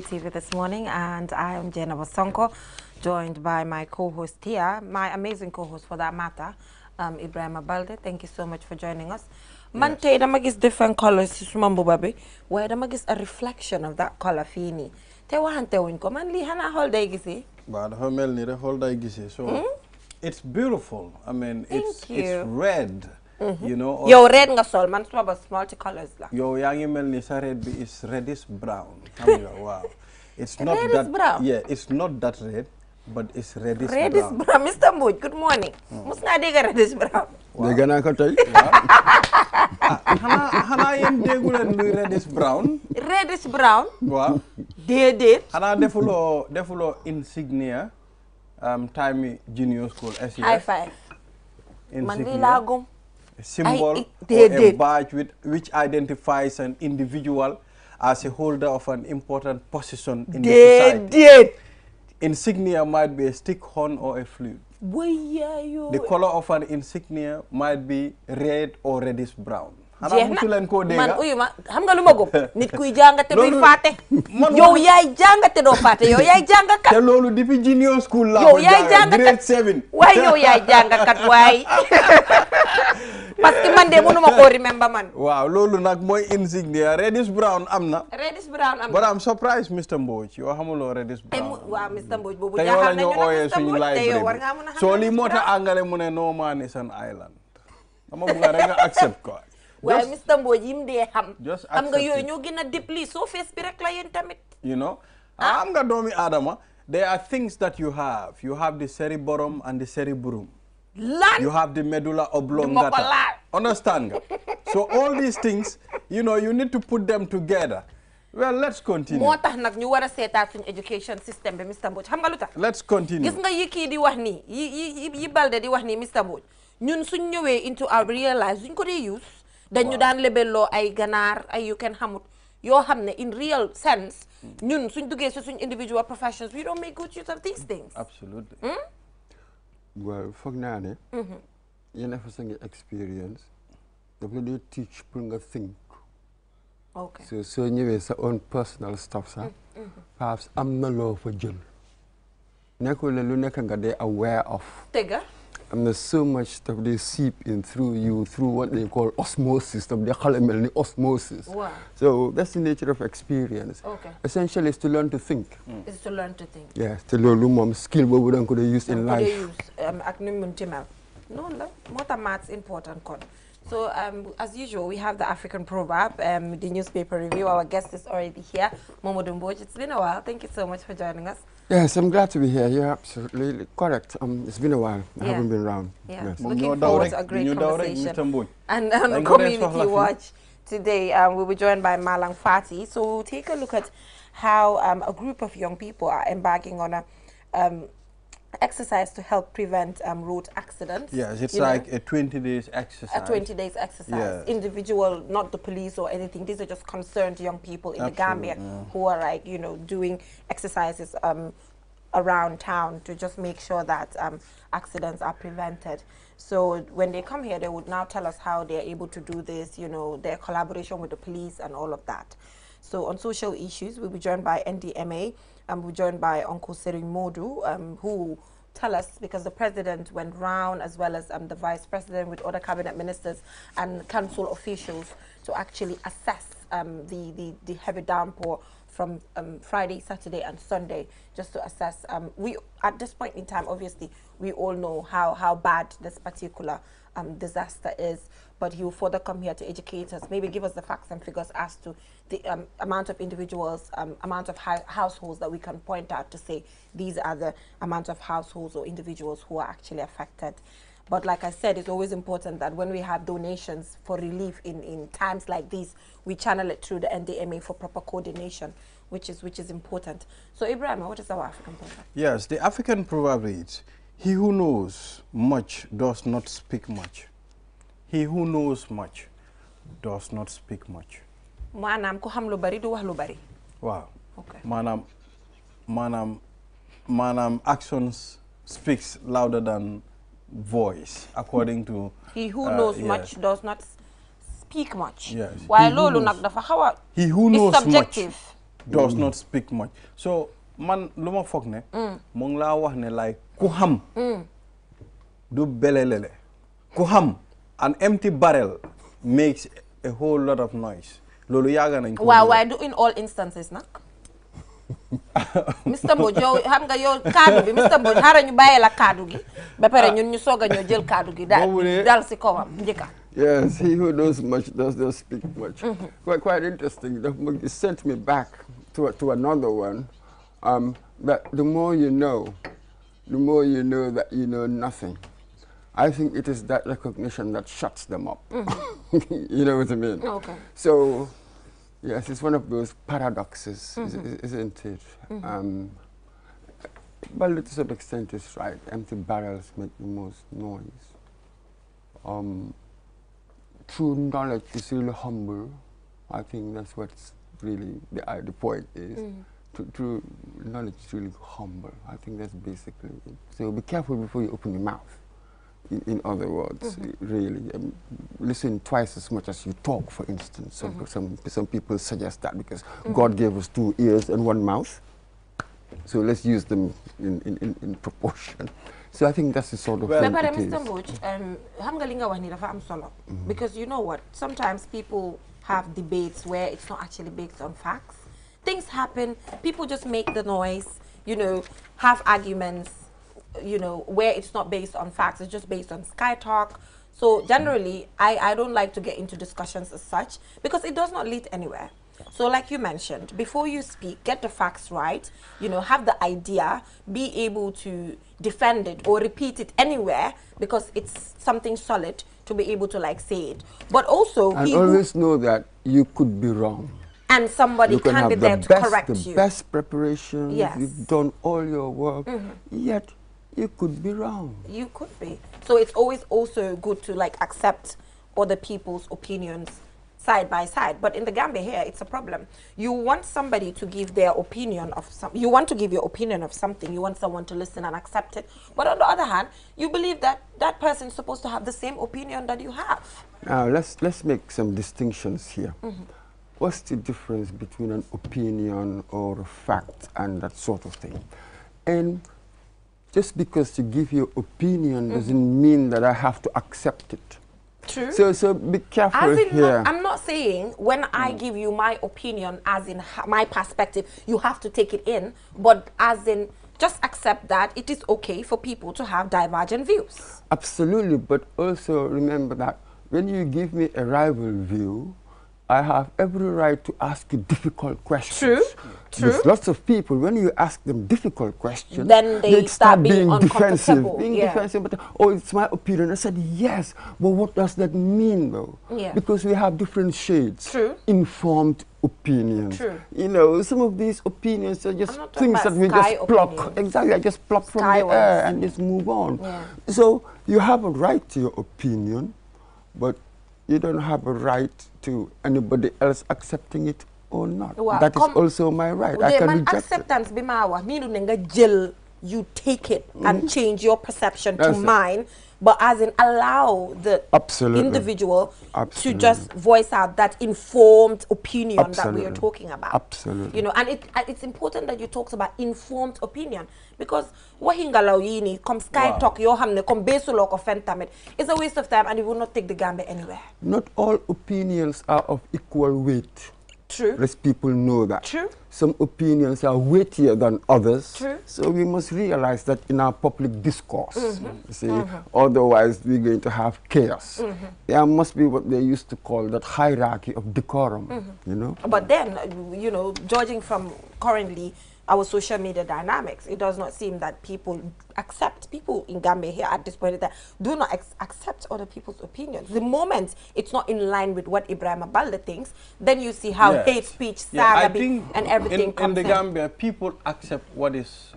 TV this morning, and I am Jenna Bosonko, joined by my co-host here, my amazing co-host for that matter, um, Ibrahim Abalde. Thank you so much for joining us. Man tey dama gis different colors ci suma mbuba bi waaye dama a reflection of that color fini. nii te waxante wuñ ko man lii xanaa ni so hmm? it's beautiful. I mean it's it's red. Mm-hmm. you yow red nga sol man suma bos multicolors la. yow yaa ngi mel ni sa red bi is red. but brown reddish brown good morning. mos mm. naa dégg reddish brown. waaw naa ko tey. Ah, xanaa xanaa yéen déggu leen luy brown. reddish brown. waaw. déedéet. defuloo insignia um, time junior school. SES high five. man lii symbol I, or a badge with, which identifies an individual as a holder of an important position in they the society. Insignia might be a stick horn or a flute. The color of an insignia might be red or reddish brown. Jehna, man uyu ma xam nga lu ma gëm nit kuy jàngate duy faate yow yaay jàngate doo faate yow yaay jàngakat te loolu depuis junior school la yow yaay jàngakat waaye yow yaay jàngakat waaye parce que man de mënuma koo remember man waaw loolu nag mooy insignia Redis Brown amna? na Redis Brown am na but I'm surprised Mr Mbodj yoo xamuloo Redis eh, Brown waaw Mr Mbodj boobu jaaxal nañu nag Mr Mbodj te yow war ngaa mën a xam soo lii moo tax angale mu ne oh, no man is an island dama bëgg rek nga accept quoi waaye Mr Mbodj yim dee xam. xam nga yooyu ñoo gën a soo fees bi rek la yéen tamit. you know ah. am nga doomi aadama. there are things that you have you have the cerebrum and the cerebrum. lan you have the medulla oblongata. understand nga so all these things you know you need to put them together. well let's continue moo tax nag ñu war a seetaat suñu education system bi Mr Mbodj xam nga lu tax. let's continue gis nga yi kii di wax nii yi yi yi Balde di wax ni Mr Mbodj ñun suñ ñëwee into a real life suñ ko dee use. dañu daan lebelloo ay ganaar ay yu kenn xamut yoo xam ne in real sense mm. ñun suñ duggee si suñ individual professions we don't make good hmm? foog naa ne mm-hmm. yenn fa sa ngi experience daf la dee teach pour nga think so soo ñëwee sa own personal stuff sax mm-hmm. Mm-hmm. perhaps am na loo fa jël nekkul ne lu nekk nga dee aware of tëgga am na so much stuff they seep in through you through what they call osmosis of the xala mel osmosis so that's the nature of experience Okay. essentially is to learn to think mm. is to learn to think yes To learn moom skill we danga not could use in life ak nu mun ti mel No. la moo maths important So um, as usual, we have the African proverb, um, the newspaper review. Our guest is already here, Momo Dumboj. It's been a while. Thank you so much for joining us. Yes, I'm glad to be here. You're absolutely correct. Um, it's been a while. Yeah. I haven't been around. Yeah. Yes. Looking forward to a great conversation. And um, on Community Watch today, um, we'll be joined by Malang Fati. So we'll take a look at how um, a group of young people are embarking on a um, exercise to help prevent um, road accidents. Yes, it's like know? a 20 days exercise. A 20 days exercise. Yes. Individual, not the police or anything. These are just concerned young people in Absolutely, the Gambia yeah. who are like, you know, doing exercises um, around town to just make sure that um, accidents are prevented. So when they come here, they would now tell us how they're able to do this, you know, their collaboration with the police and all of that. So on social issues, we'll be joined by NDMA and we'll be joined by Uncle Seri Modu, um, who tell us because the president went round as well as um, the vice president with other cabinet ministers and council officials to actually assess um, the, the, the heavy downpour from um, Friday, Saturday, and Sunday, just to assess. Um, we at this point in time, obviously, we all know how how bad this particular um, disaster is but he will further come here to educate us, maybe give us the facts and figures as to the um, amount of individuals, um, amount of households that we can point out to say these are the amount of households or individuals who are actually affected. But like I said, it's always important that when we have donations for relief in, in times like these, we channel it through the NDMA for proper coordination, which is which is important. So Ibrahim, what is our African proverb? Yes, the African proverb is, he who knows much does not speak much. he who knows much does not speak much. maanaam ku xam lu bari du wax lu bari. waaw. maanaam maanaam maanaam actions speaks louder than voice according to. he who knows uh, much does not speak much. yes loolu nag dafa xaw a. he who knows much does not speak much so man lu ma foog ne. Mm. mu ngi laa wax ne like ku xam. Mm. du belelele ku xam. an empty barrel makes a whole lot of noise loolu yaga na ko waaw waaye du in all instances nag Mr Mbodj yow xam nga yow bi Mr Mbodj hara nyu bàyyi la kadu gi ba pare ñun ñu soog a ñoo jël gi da dal si kawam njëkka Yes, he who knows much does not speak much. Mm -hmm. quite, quite interesting. It sent me back to, to another one. Um, that the more you know, the more you know that you know nothing. I think it is that recognition that shuts them up. Mm -hmm. you know what I mean? Okay. So, yes, it's one of those paradoxes, mm -hmm. isn't it? Mm -hmm. um, well, to some extent, it's right. Empty barrels make the most noise. Um, true knowledge is really humble. I think that's what's really the, uh, the point is. Mm. Mm-hmm. True, true knowledge is really humble. I think that's basically it. So be careful before you open your mouth in, in other words, mm -hmm. really. Um, listen twice as much as you talk, for instance. Some, mm -hmm. some, some people suggest that because mm -hmm. God gave us two ears and one mouth. So let's use them in, in, in, in proportion. So I think that's the sort of well, thing But uh, Mr. Mbuch, um, mm-hmm. because you know what? Sometimes people have debates where it's not actually based on facts. Things happen. People just make the noise, you know, have arguments you know, where it's not based on facts, it's just based on Sky Talk. So generally, I, I don't like to get into discussions as such because it does not lead anywhere. So like you mentioned, before you speak, get the facts right, you know, have the idea, be able to defend it or repeat it anywhere because it's something solid to be able to like say it. But also And always know that you could be wrong. And somebody you can, can be the there best, to correct the you. Best preparation, yes. you've done all your work, mm -hmm. yet you could be wrong. You could be. So it's always also good to like accept other people's opinions side by side. But in the Gambia here, it's a problem. You want somebody to give their opinion of some. You want to give your opinion of something. You want someone to listen and accept it. But on the other hand, you believe that that person is supposed to have the same opinion that you have. Now let's let's make some distinctions here. Mm -hmm. What's the difference between an opinion or a fact and that sort of thing? And just because you give your opinion mm. doesn't mean that I have to accept it. True. So, so be careful as in here. Not, I'm not saying when mm. I give you my opinion, as in my perspective, you have to take it in, but as in just accept that it is okay for people to have divergent views. Absolutely, but also remember that when you give me a rival view, I have every right to ask you difficult questions. True. True. There's lots of people, when you ask them difficult questions, then they, they start, start, being, being defensive. Being yeah. defensive, but oh, it's my opinion. I said, yes, but what does that mean, though? Yeah. Because we have different shades. True. Informed opinions. True. You know, some of these opinions are just things that we just opinions. pluck. Exactly, I just pluck from the air and just move on. Yeah. So you have a right to your opinion, but you don't have a right to anybody else accepting it or not. Well, that is also my right. I can reject acceptance it. Acceptance, you take it and mm-hmm. change your perception That's to mine. It. but as in allow the Absolutely. individual Absolutely. to just voice out that informed opinion Absolutely. that we are talking about. Absolutely. You know, and it, it's important that you talk about informed opinion because wahinga yini come sky wow. talk yo hamne come besulok offend tamit is a waste of time and it will not take the Gambia anywhere. Not all opinions are equal weight. True. Less people know that. True. Some opinions are weightier than others. True. So we must realize that in our public discourse. Mm -hmm. see, mm -hmm. otherwise we're going to have chaos. Mm -hmm. There must be what they used to call that hierarchy of decorum. Mm-hmm. You know. But then, you know, judging from currently our social media dynamics. It does not seem that people accept people in Gambia here at this point in time do not accept other people's opinions. The moment it's not in line with what Ibrahim Abalda thinks, then you see how yes. hate speech, yeah, and everything in, comes in the Gambia. People accept what is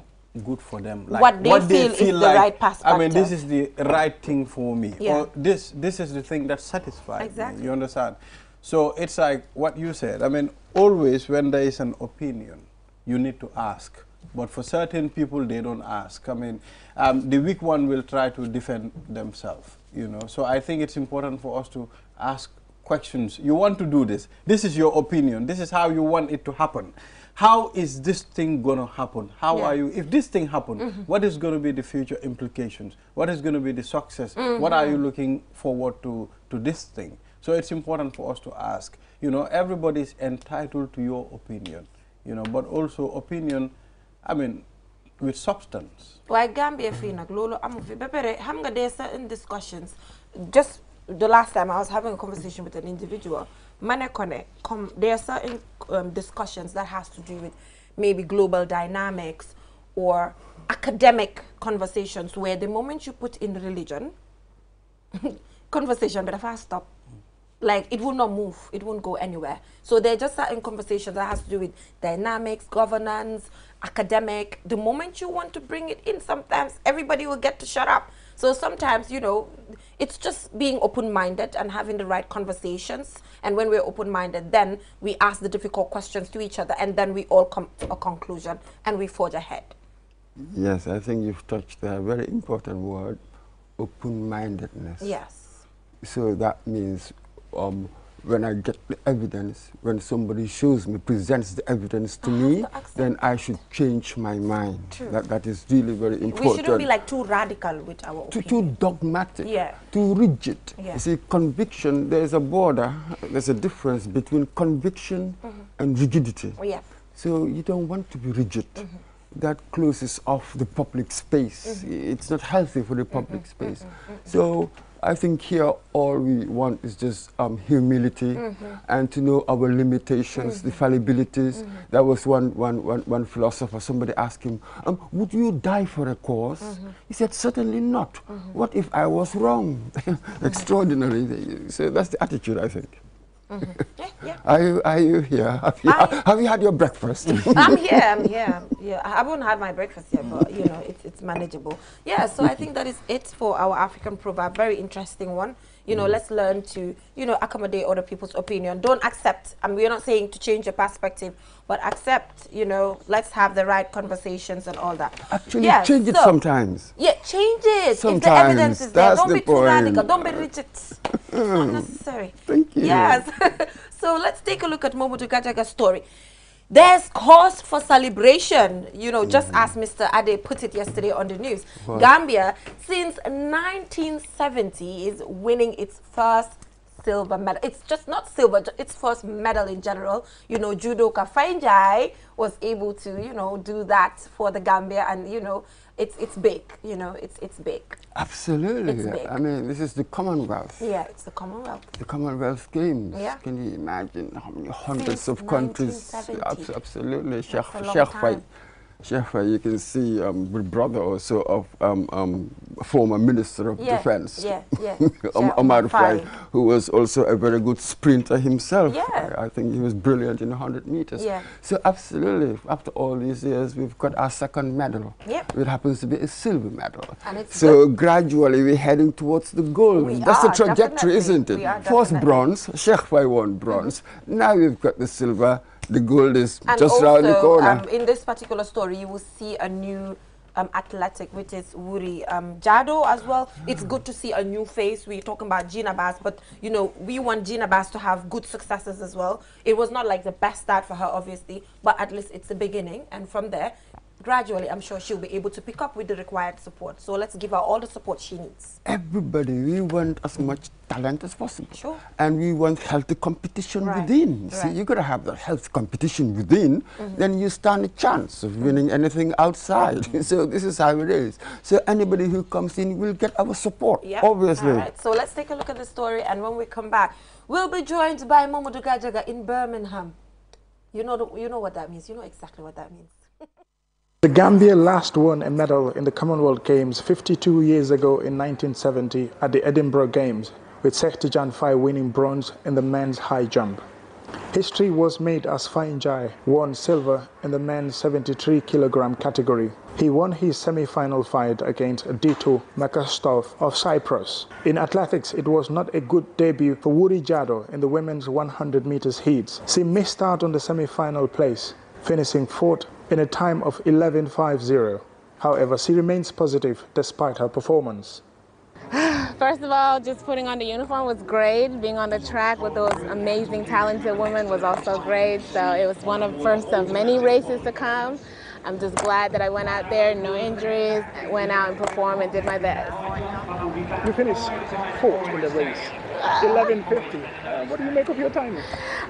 good for them, like what they, what feel, feel, is like, the right perspective. I mean, this is the right thing for me, yeah. or this this is the thing that satisfies exactly. me. You understand? So it's like what you said. I mean, always when there is an opinion you need to ask. But for certain people, they don't ask. I mean, um, the weak one will try to defend themselves, you know. So I think it's important for us to ask questions. You want to do this. This is your opinion. This is how you want it to happen. How is this thing going to happen? How yeah. are you? If this thing happens, mm -hmm. what is going to be the future implications? What is going to be the success? Mm -hmm. What are you looking forward to, to this thing? So it's important for us to ask. You know, everybody is entitled to your opinion you know but also opinion I mean with substance. Why Gambia fii nag loolu amu fi ba certain discussions just the last time I was having a conversation with an individual manekone. there are certain um, discussions that has to do with maybe global dynamics or academic conversations where the moment you put in religion conversation bi dafa stop like it will not move it won't go anywhere so there are just certain conversations that has to do with dynamics governance academic the moment you want to bring it in sometimes everybody will get to shut up so sometimes you know it's just being open-minded and having the right conversations and when we're open-minded then we ask the difficult questions to each other and then we all come to a conclusion and we forge ahead yes i think you've touched a very important word open-mindedness yes so that means um, when I get the evidence, when somebody shows me, presents the evidence to I me, to then I should change my mind. True. That, that is really very important. We shouldn't be like too radical with our opinion. Too, too dogmatic, yeah. too rigid. Yeah. You see, conviction, there's a border, there's a difference between conviction mm -hmm. and rigidity. Oh, yeah. So you don't want to be rigid. Mm -hmm that closes off the public space. Mm -hmm. It's not healthy for the public mm -hmm, space. Mm -hmm, so I think here all we want is just um, humility mm -hmm. and to know our limitations, mm -hmm. the mm-hmm. fallibilities. Mm -hmm. That was one, one, one, one philosopher. Somebody asked him, um, would you die for a because mm-hmm. He said, certainly not. Mm-hmm. What if I was wrong? Extraordinary. So that's the attitude, I think. Mm -hmm. yeah, yeah. Are you are you here? Have you, have you had your breakfast? I'm here. I'm here. I'm here. I am here Yeah, i have not had my breakfast yet, but you know it's it's manageable. Yeah. So I mm-hmm. think that is it for our African proverb. Very interesting one. You know, mm. let's learn to, you know, accommodate other people's opinion. Don't accept, and we're not saying to change your perspective, but accept, you know, let's have the right conversations and all that. Actually, yeah, change it sometimes. Yeah, change it. Sometimes. If the evidence is there, don't the be too radical. Don't be rigid. Mm. Unnecessary. Thank you. Yes. so let's take a look at Momo Gajaga's story. There's cause for celebration, you know, mm. just mm-hmm. as Mr. Ade put it yesterday on the news. What? Gambia, since 1970, is winning its first silver medal. It's just not silver, it's first medal in general. You know, judoka Fainjai was able to, you know, do that for the Gambia and, you know, it's it's big, you know, it's it's big. Absolutely. It's big. I mean, this is the Commonwealth. Yeah, it's the Commonwealth. The Commonwealth Games. Yeah. Can you imagine how many hundreds Since of countries? Abs absolutely, Sheikh Sheikh Chef, uh, you can see um, brother also of um, um, former Minister of yeah, Defense, yeah, yeah. Omar Rufai, who was also a very good sprinter himself. Yeah. I, I, think he was brilliant in 100 meters. Yeah. So absolutely, after all these years, we've got our second medal. Yep. It happens to be a silver medal. so good. gradually we're heading towards the goal. We That's the trajectory, definitely. isn't it? First bronze, Sheikh won bronze. Mm -hmm. Now we've got the silver the gold is and just also, around the um, corner. Um, in this particular story, you will see a new um, athletic, which is Wuri um, Jado as well. It's good to see a new face. We're talking about Gina Bass, but you know, we want Gina Bass to have good successes as well. It was not like the best start for her, obviously, but at least it's the beginning. And from there, gradually, I'm sure she'll be able to pick up with the required support. So let's give her all the support she needs. Everybody, we want as much talent as possible. Sure. And we want healthy competition right. within. Right. See, you got to have that healthy competition within, mm -hmm. then you stand a chance of winning anything outside. Mm -hmm. so this is how it is. So anybody who comes in will get our support, yep. obviously. All right, so let's take a look at the story. And when we come back, we'll be joined by Momodu Dugajaga in Birmingham. You know, the, you know what that means. You know exactly what that means. The Gambia last won a medal in the Commonwealth Games 52 years ago in 1970 at the Edinburgh Games, with Sektijan Fai winning bronze in the men's high jump. History was made as Fainjai won silver in the men's 73 kg category. He won his semi-final fight against Dito Makastov of Cyprus. In athletics, it was not a good debut for Wuri Jado in the women's 100 meters heats. She missed out on the semi-final place, finishing fourth in a time of 11.50. However, she remains positive despite her performance. First of all, just putting on the uniform was great. Being on the track with those amazing, talented women was also great. So it was one of first of many races to come. I'm just glad that I went out there, no injuries, went out and performed and did my best. You finished fourth in the race. 11:50. Uh, what do you make of your timing?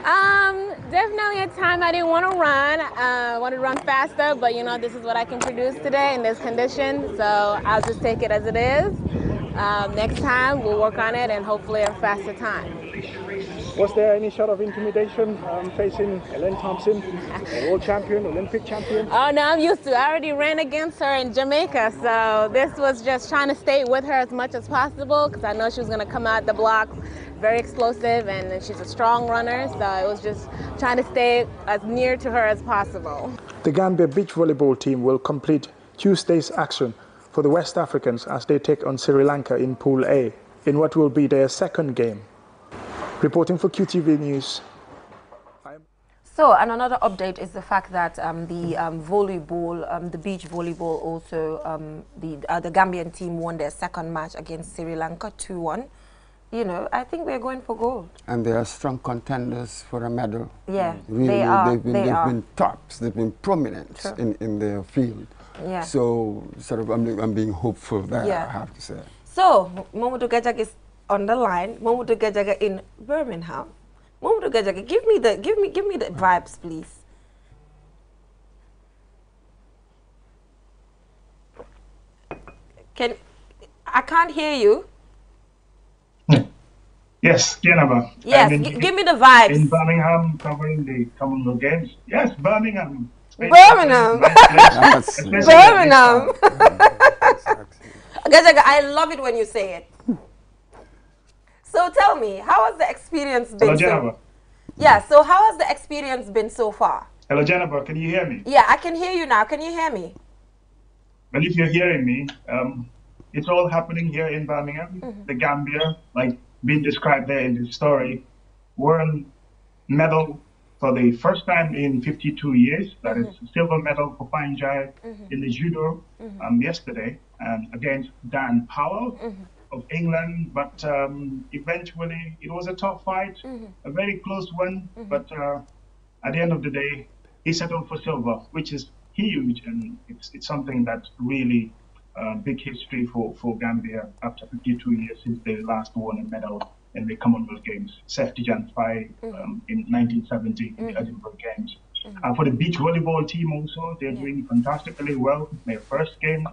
Um, definitely a time I didn't want to run. Uh, I wanted to run faster, but you know this is what I can produce today in this condition, so I'll just take it as it is. Um, next time we'll work on it and hopefully a faster time. Was there any sort of intimidation um, facing Ellen Thompson, world champion, Olympic champion? Oh, no, I'm used to it. I already ran against her in Jamaica, so this was just trying to stay with her as much as possible because I know she was going to come out the block, very explosive and, and she's a strong runner, so it was just trying to stay as near to her as possible. The Gambia beach volleyball team will complete Tuesday's action for the West Africans as they take on Sri Lanka in Pool A in what will be their second game. Reporting for QTV News. So, and another update is the fact that um, the um, volleyball, um, the beach volleyball, also um, the uh, the Gambian team won their second match against Sri Lanka two one. You know, I think we're going for gold. And they are strong contenders for a medal. Yeah, really, they are. They've been, they they've are. been tops. They've been prominent in, in their field. Yeah. So, sort of, I'm, I'm being hopeful there. Yeah. I have to say. So, Momo Gajak is on the line, Momoto Gajaga in Birmingham. Momoto Gajaga, give me the give me give me the vibes, please. Can I can't hear you. Yes, Geneva. Yes, in, give me the vibes. In Birmingham, covering the Commonwealth Games. Yes, Birmingham. Birmingham. Birmingham. Birmingham. I love it when you say it. So tell me, how has the experience been? Hello, Jennifer. So, yeah, so how has the experience been so far? Hello, Jennifer, can you hear me? Yeah, I can hear you now. Can you hear me? Well, if you're hearing me, um, it's all happening here in Birmingham, mm -hmm. the Gambia, like being described there in the story, won medal for the first time in 52 years. That mm -hmm. is mm-hmm. silver medal for Panjai mm -hmm. in the judo mm-hmm. um, yesterday um, against Dan Powell. Mm-hmm of England, but um, eventually it was a tough fight, mm -hmm. a very close one. Mm -hmm. But uh, at the end of the day, he settled for silver, which is huge, and it's, it's something that really uh, big history for, for Gambia after 52 years since they last won a medal in the Commonwealth Games. Safety Jan Fai mm. um, in 1970 in the mm. Edinburgh Games. Mm-hmm. Uh, for the beach volleyball team also, they're yeah. doing fantastically well. Their first game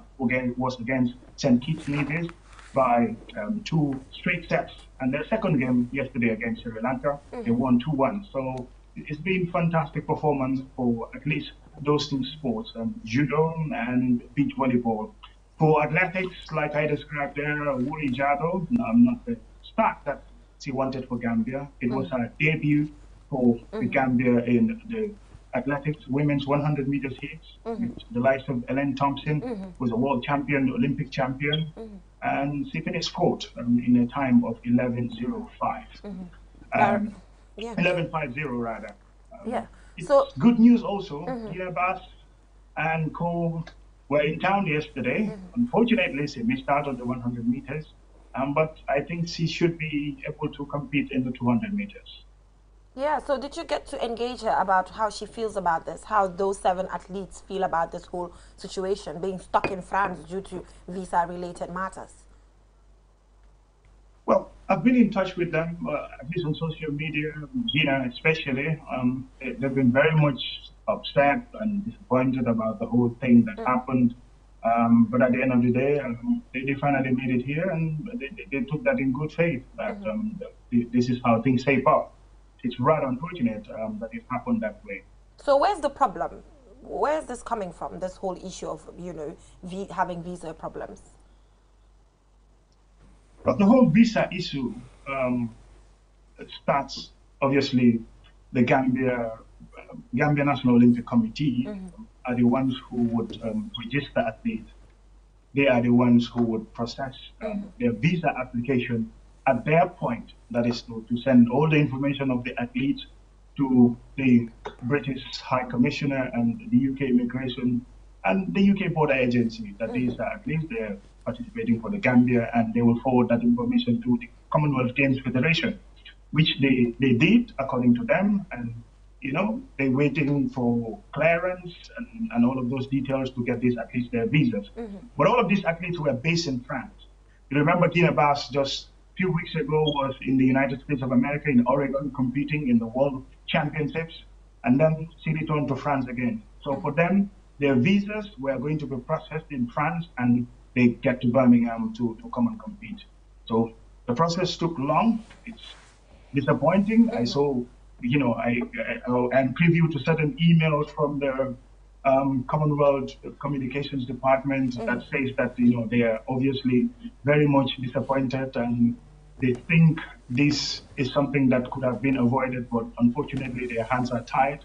was against St. Kitts Nevis, by um, two straight sets. And their second game yesterday against Sri Lanka, mm. they mm-hmm. won 2 1. So it's been fantastic performance for at least those two sports, um, judo and beach volleyball. For athletics, like I described there, Wuri Jado, um, not the start that she wanted for Gambia. It mm. was mm-hmm. her debut for mm. the mm-hmm. Gambia in the athletics, women's 100 meters heats. Mm-hmm. The likes of Ellen Thompson mm-hmm. was a world champion, Olympic champion. Mm-hmm and CPD's fought um, in a time of 1105. Mm-hmm. Um, yeah. 1150 rather. Um, yeah. So good news also, mm-hmm. and Co were in town yesterday. Mm-hmm. Unfortunately, she missed out on the 100 meters, um, but I think she should be able to compete in the 200 meters. Yeah, so did you get to engage her about how she feels about this, how those seven athletes feel about this whole situation, being stuck in France due to visa related matters? Well, I've been in touch with them, uh, at least on social media, Gina especially. Um, they, have been very much upset and disappointed about the whole thing that mm. happened. Um, but at the end of the day, um, they, they, finally made it here and they, they, took that in good faith that mm -hmm. this is how things shape up it's rather unfortunate um, that it happened that way. So where's the problem? Where's this coming from? This whole issue of you know v having visa problems. But the whole visa issue um, starts obviously the Gambia Gambia National Olympic Committee mm -hmm. are the ones who would um, register athletes. They are the ones who would process um, mm -hmm. their visa application at their point, that is to, to send all the information of the athletes to the British High Commissioner and the UK Immigration and the UK Border Agency, that mm. these are at least they're participating for the Gambia, and they will forward that information to the Commonwealth Games Federation, which they, they did according to them. And, you know, they're waiting for clearance and, and all of those details to get these athletes their visas. Mm -hmm. But all of these athletes were based in France. You remember Guinea Bass just few weeks ago was in the United States of America in Oregon competing in the World Championships, and then she returned to France again. So for them, their visas were going to be processed in France, and they get to Birmingham to, to come and compete. So the process took long. It's disappointing. I saw, you know, I, I am to certain emails from the um, Commonwealth Communications Department that says that you know they are obviously very much disappointed and they think this is something that could have been avoided, but unfortunately their hands are tied.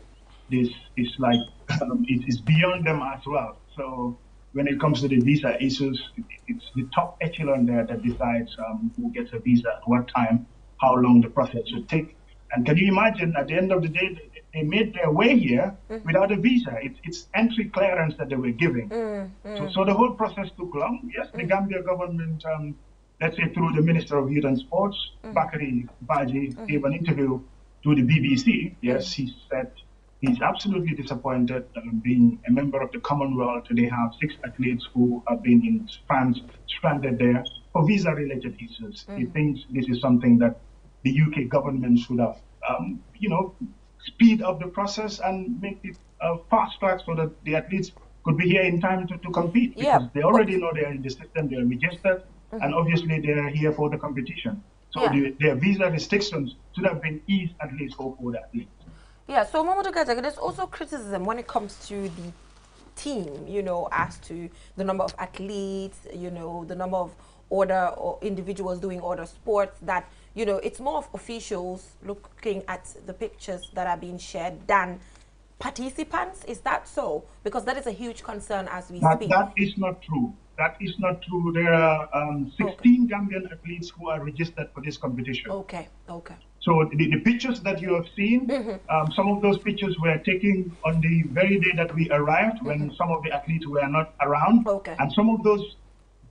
This is like, um, it is beyond them as well. So when it comes to the visa issues, it's the top echelon there that decides um, who gets a visa at what time, how long the process should take. And can you imagine at the end of the day, they made their way here mm. without a visa. It, it's entry clearance that they were giving. Mm, mm. So, so, the whole process took long. Yes, the mm. Gambia government um, let's say through the Minister of Youth and Sports, mm. Bakari Baji, mm. gave an interview to the BBC. Yes, he said he's absolutely disappointed being a member of the Commonwealth. They have six athletes who have been in France, stranded there for visa-related issues. Mm. He thinks this is something that the UK government should have, um, you know, speed up the process and make it uh, fast track so that the athletes could be here in time to, to compete because yeah. they already know they're in the system, they're registered, Mm-hmm. And obviously, they are here for the competition. So yeah. the, their visa restrictions should have been eased at least for food athletes. Yeah, so Momodu there's also criticism when it comes to the team, you know, as to the number of athletes, you know, the number of order or individuals doing order sports that, you know, it's more of officials looking at the pictures that are being shared than participants. Is that so? Because that is a huge concern as we speak. That is not true. That is not true. There are um, 16 okay. Gambian athletes who are registered for this competition. Okay, okay. So the, the pictures that you have seen, mm -hmm. um, some of those pictures were taken on the very day that we arrived mm -hmm. when mm-hmm. some of the athletes were not around. Okay. And some of those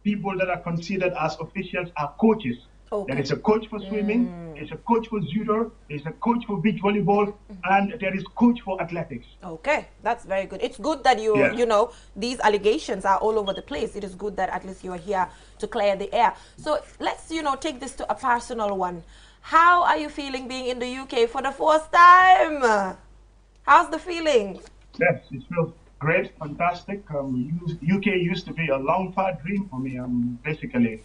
people that are considered as officials are coaches. Okay. There is a coach for swimming, mm. there's a coach for judo, there's a coach for beach volleyball, mm-hmm. and there is coach for athletics. Okay, that's very good. It's good that you, yeah. you know, these allegations are all over the place. It is good that at least you are here to clear the air. So let's, you know, take this to a personal one. How are you feeling being in the UK for the first time? How's the feeling? Yes, it feels great, fantastic. Um, UK used to be a long far dream for me. I'm um, basically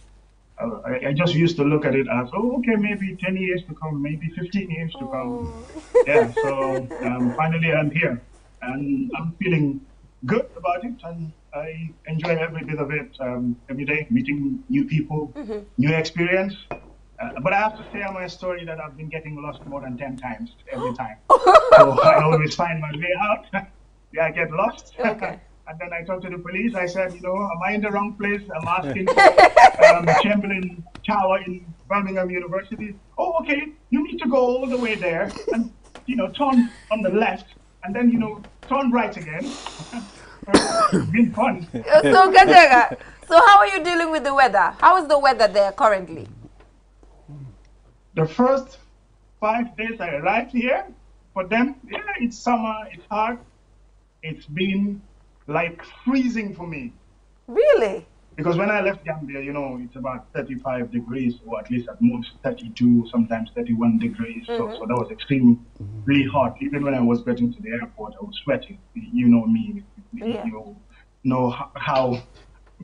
I, I, just used to look at it as, oh, okay, maybe 10 years to come, maybe 15 years to come. Oh. yeah, so um, finally I'm here and I'm feeling good about it and I enjoy every bit of it um, every day, meeting new people, mm-hmm. new experience. Uh, but I have to share my story that I've been getting lost more than 10 times every time. so I always find my way out. yeah, I get lost. Okay. And then I talked to the police. I said, you know, am I in the wrong place? I'm asking um, Chamberlain Tower in Birmingham University. Oh, okay. You need to go all the way there and, you know, turn on the left and then, you know, turn right again. it's been fun. So, Gajega, so how are you dealing with the weather? How is the weather there currently? The first five days I arrived here, for them, yeah, it's summer, it's hard. It's been like freezing for me. Really? Because when I left Gambia, you know, it's about 35 degrees, or at least at most 32, sometimes 31 degrees. Mm-hmm. So, so that was extremely really hot. Even when I was getting to the airport, I was sweating. You know me. Yeah. You know how,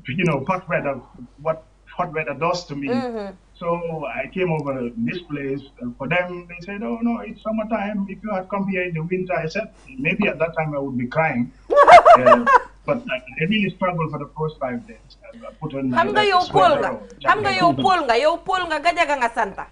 you know, hot weather, what hot weather does to me. Mm-hmm. So I came over this place. Uh, for them, they said, "Oh no, it's summertime. If you had come here in the winter," I said, "Maybe at that time I would be crying." but like, uh, I really struggled for the first five days. I uh, put on my Hamga yo pol nga. Hamga yo pol nga. Yo pol nga gajaga nga santa.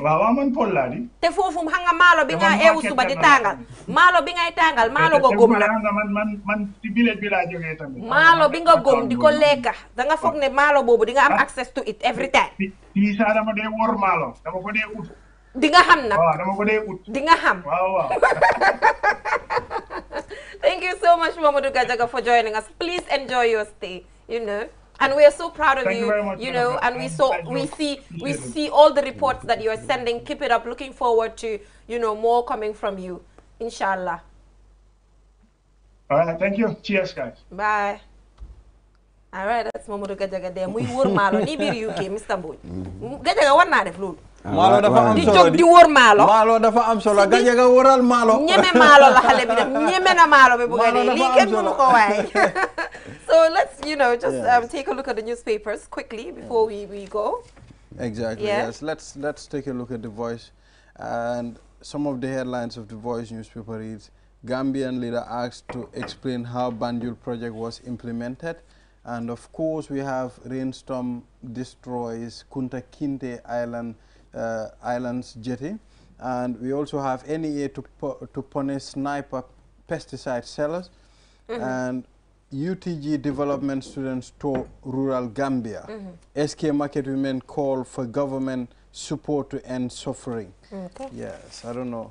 Wawa man pol ladi. Te fofum hanga malo binga e nga ewu suba di tangal. Malo binga e nga malo go gom Man man man ti village bi la e Malo binga nga gom di ko leka. Da nga ne malo bobo. di am ah? access to it every time. Di sa dama de wor malo. Dama ko de ut. Di nga xam nak. Waaw ah, dama ko de ut. Di nga xam. Waaw so much, Mamadou Gajaga, for joining us. Please enjoy your stay, you know. And we are so proud of Thank you, you, much, you know, and we saw, we see, we see all the reports that you are sending. Keep it up. Looking forward to, you know, more coming from you, inshallah. All right, thank you. Cheers, guys. Bye. All right, that's Mamadou Gajaga there. Muy wóor maa la nii UK Mr Boy. Gajaga mm-hmm. one night of flu. Ah, malo dafa am solo di jóg di wër maalo. maalo dafa am solo gajaga wëral malo ñeme maalo la xale bi def ñeme na malo bi. maalo dafa bu nga ne kenn mënu ko waay. so let's you know just um, take a look at the newspapers quickly before we we go. Exactly. Yeah. Yes. Let's let's take a look at the voice, and some of the headlines of the voice newspaper reads. Gambian leader asked to explain how Banjul project was implemented. And of course, we have rainstorm destroys Kunta Kinte Island uh, islands jetty and we also have NEA to, to punish sniper pesticide sellers mm -hmm. and UTG development students to rural Gambia. Mm -hmm. SK Market Women call for government support to end suffering. Okay. Yes, I don't know.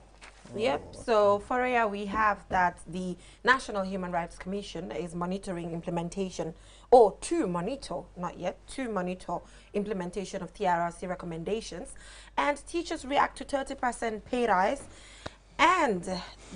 Yep, so Faria, we have that the National Human Rights Commission is monitoring implementation or to monitor, not yet, to monitor implementation of TRRC recommendations. And teachers react to 30% pay rise and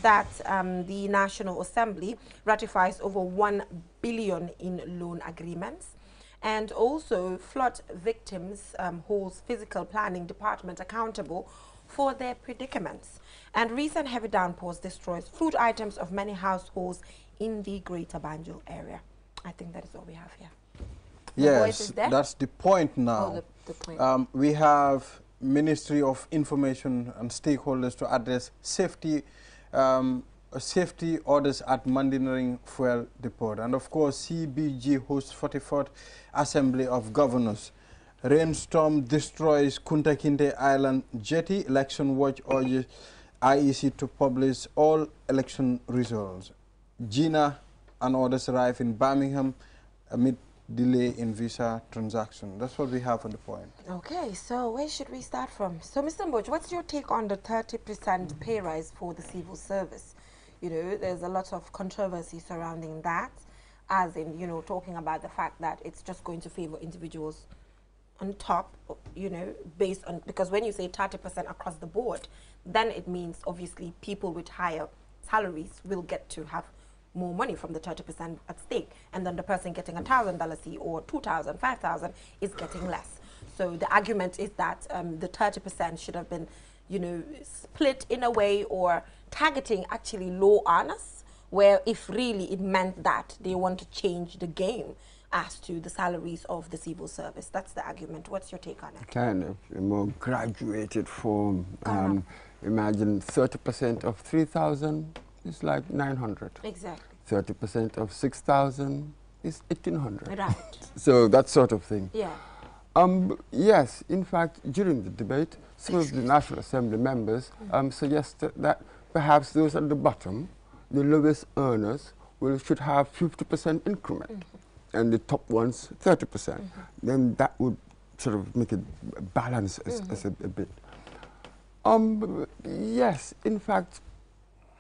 that um, the National Assembly ratifies over 1 billion in loan agreements. And also flood victims um, holds physical planning department accountable for their predicaments. And recent heavy downpours destroys food items of many households in the Greater Banjul area. I think that is all we have here. Yes, the that's the point oh, now. Oh, the, the point. Um, we have Ministry of Information and stakeholders to address safety um, safety orders at Mandinering Fuel Depot. And of course, CBG hosts 44th Assembly of Governors. Rainstorm destroys Kunta Kinte Island jetty. Election Watch urges IEC to publish all election results. Gina an orders arrive in Birmingham amid delay in visa transaction. That's what we have on the point. Okay, so where should we start from? So, Mr. Mboj, what's your take on the 30% pay rise for the civil service? You know, there's a lot of controversy surrounding that, as in, you know, talking about the fact that it's just going to favor individuals on top, you know, based on, because when you say 30% across the board, then it means obviously people with higher salaries will get to have more money from the 30% at stake. And then the person getting a $1,000 fee or two thousand, five thousand, is getting less. So the argument is that um, the 30% should have been, you know, split in a way or targeting actually low earners, where if really it meant that they want to change the game as to the salaries of the civil service. That's the argument. What's your take on it? Kind of a more graduated form. Um, uh -huh. Imagine 30% of 3,000 is like 900. Exactly. 30% of 6,000 is 1,800. Right. so that sort of thing. Yeah. Um, yes, in fact, during the debate, some of the National Assembly members um, suggested that perhaps those at the bottom, the lowest earners, will should have 50% increment, mm -hmm. and the top ones 30%. mm -hmm. Then that would sort of make it balance as, mm -hmm. as a, a, bit. Um, yes, in fact,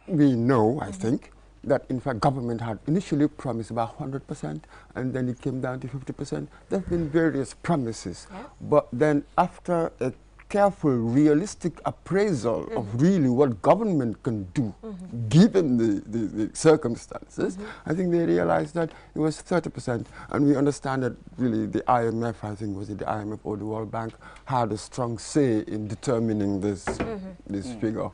we know, I think, that in fact government had initially promised about 100% and then it came down to 50%. There have been various promises. Yeah. But then after a careful, realistic appraisal mm -hmm. of mm-hmm. really what government can do, mm -hmm. given the, the, the circumstances, mm -hmm. I think they realized that it was 30%. And we understand that really the IMF, I think was it the IMF or the World Bank, had a strong say in determining this, mm-hmm. this mm. figure.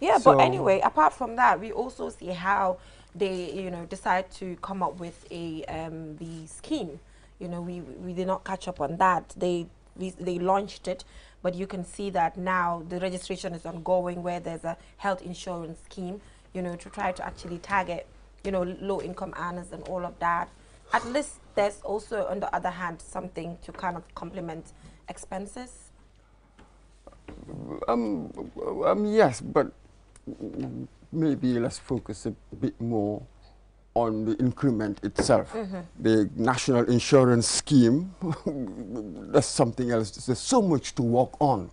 Yeah, so but anyway, apart from that, we also see how they, you know, decide to come up with a um, the scheme. You know, we we did not catch up on that. They we, they launched it, but you can see that now the registration is ongoing, where there's a health insurance scheme. You know, to try to actually target, you know, low income earners and all of that. At least there's also, on the other hand, something to kind of complement expenses. Um, um, yes, but maybe let's focus a bit more on the increment itself. Mm -hmm. The national insurance scheme, that's something else. There's so much to work on.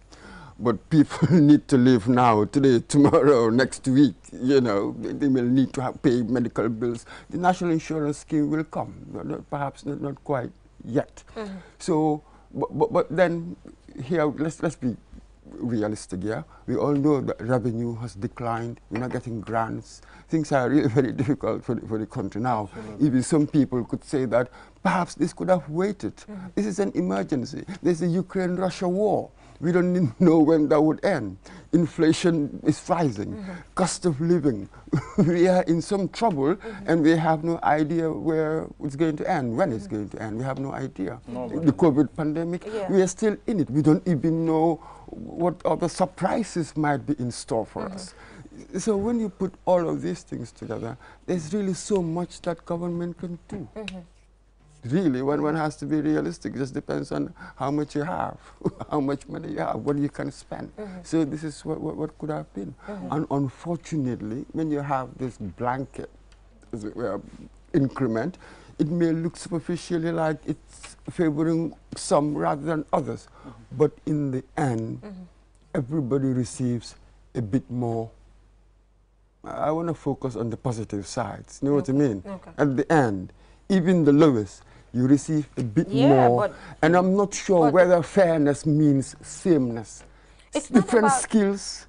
But people need to live now, today, tomorrow, next week, you know. They, will need to pay medical bills. The national insurance scheme will come, not, perhaps not, not, quite yet. Mm -hmm. So, but, but, but then here, let's, let's be realistic, yeah? We all know that revenue has declined, we're not getting grants. Things are really very difficult for the, for the country now. Even some people could say that perhaps this could have waited. Mm -hmm. This is an emergency. There's a Ukraine-Russia war. We don't know when that would end. Inflation is rising, mm -hmm. cost of living. we are in some trouble mm -hmm. and we have no idea where it's going to end, when mm -hmm. it's mm-hmm. going to end. We have no idea. No, the COVID pandemic, yeah. we are still in it. We don't even know what other surprises might be in store for mm-hmm. us. So when you put all of these things together, there's really so much that government can do. Mm-hmm really, one, one has to be realistic. It just depends on how much you have, how much money you have, what you can spend. Mm -hmm. So this is what, what, what could have been. Mm -hmm. And unfortunately, when you have this blanket were, uh, increment, it may look superficially like it's favoring some rather than others. Mm -hmm. But in the end, mm-hmm. everybody receives a bit more I want to focus on the positive sides. You know okay. what I mean? Okay. At the end, even the lowest you receive a bit yeah, more. And I'm not sure whether fairness means sameness. It's different skills,